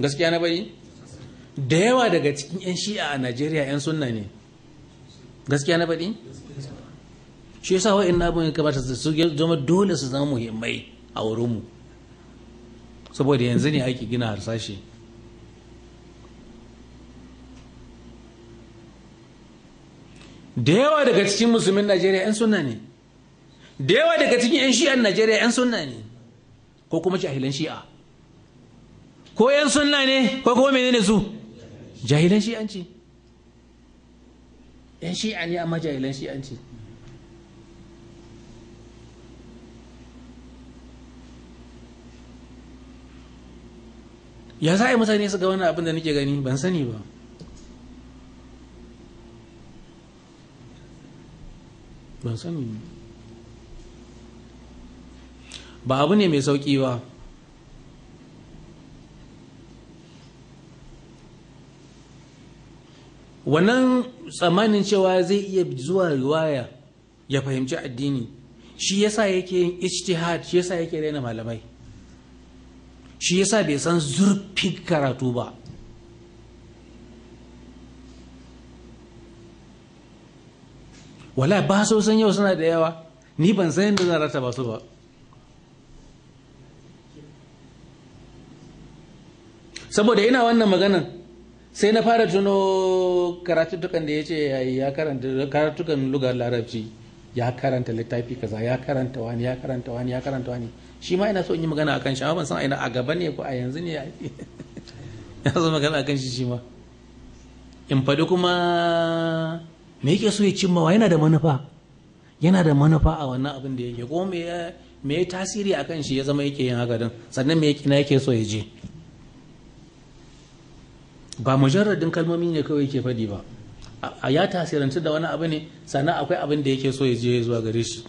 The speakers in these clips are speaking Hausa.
gaskiya na bari da yawa daga cikin 'yan shi'a a najeriya 'yan sunna ne gaskiya na bari shi yasa wa'in na abin kamata su zama dole su zama muhimmai a wurinmu saboda yanzu ne ake gina harsashe da yawa daga cikin musulmin najeriya 'yan sunna ne da yawa daga cikin 'yan a najeriya 'yan sunna ne ko kuma jahilan shi'a ko 'yan sunna ne ko kuma menene su jahilan shi'anci yan shi'a ne amma jahilan shi'anci ya za a yi mutane su ga wani abin da nake gani ban sani ba ban sani ba abu ne mai sauƙi ba wannan tsammanin cewa zai iya zuwa riwaya ya fahimci addini shi yasa yake yin ijtihad shi yasa yake raina malamai shi yasa bai san zurfin karatu ba wala ba so san yau suna da yawa ni ban san yadda zan rata ba su ba saboda ina wannan maganan sai na fara tuno karatuttukan da ya ce ya karanta karatuttukan lugar larabci ya karanta littafi kaza ya karanta wani ya karanta wani ya karanta wani shi ma ina so in yi magana akan shi amma ban san aina a gaba ne ko a yanzu ne ya so magana akan shi shi ma in faɗi kuma me yake so ya cimma wa yana da manufa yana da manufa a wannan abin da yake ko me ya tasiri akan shi ya zama yake yin haka din sannan me yake na yake so ya je ba mujarradin kalmomi ne kawai ke faɗi ba a ya tasirantu da wani abu ne sannan akwai abin da yake so ya je zuwa gare shi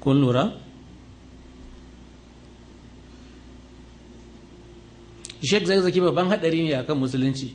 kun lura sheik zai zaki babban haɗari ne akan musulunci